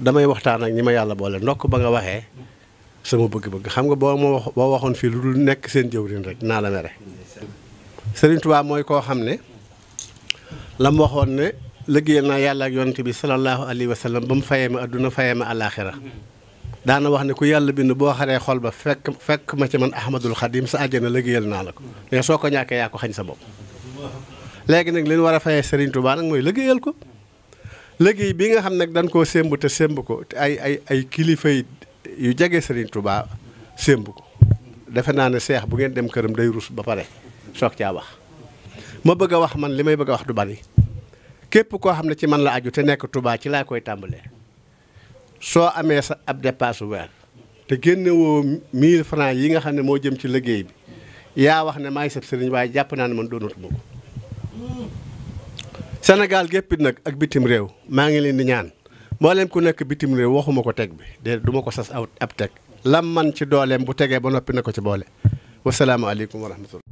damay waxtaan ak ñi ma yàlla boole ndokk ba nga waxee sama bëgg-bëgg xam nga boo ma wax boo waxoon fii lu dul nekk seen jëwriñ rek naa la mere Sëriñ Tuubaa mooy koo xam ne la mu waxoon ne liggéeyal naa yàlla ak yonent bi sallallahu alayhi wa sallam ba mu fayee ma adduna fayee ma àllaaxira daana wax ne ku yàlla bind boo xaree xol ba fekk fekk ma ci man Ahmadul Xadim sa àjjana liggéeyal naa la ko mais soo ko ñàkkee yaa ko xañ sa bopp léegi nag li war a fayee Sëriñ Tuubaa nag mooy liggéeyal ko liggéey bii nga xam nag dañ koo sémb te sémb ko te ay ay ay kilifa yu jege sëriñ tubaa sémb ko defe naa ne seex bu ngeen dem këram day rus ba pare soog caa wax. ma bëgg a wax man li may bëgg a wax du bari képp koo xam ne ci man la aju te nekk tubaa ci laa koy tàmbalee soo amee sa ab dépasse weer te génne woo 1000 francs yi nga xam ne moo jëm ci liggéey bi yaa wax ne maay sab sëriñ waaye jàpp naa ne man doonatuma ko Sénégal géppit nag ak bitim réew maa ngi leen di ñaan mboolem ku nekk bitim réew waxuma ko teg bi de du ko sas aw ab teg lam man ci dooleem bu tegee ba noppi na ko ci boole wasalaamaaleykum wa rahmatullah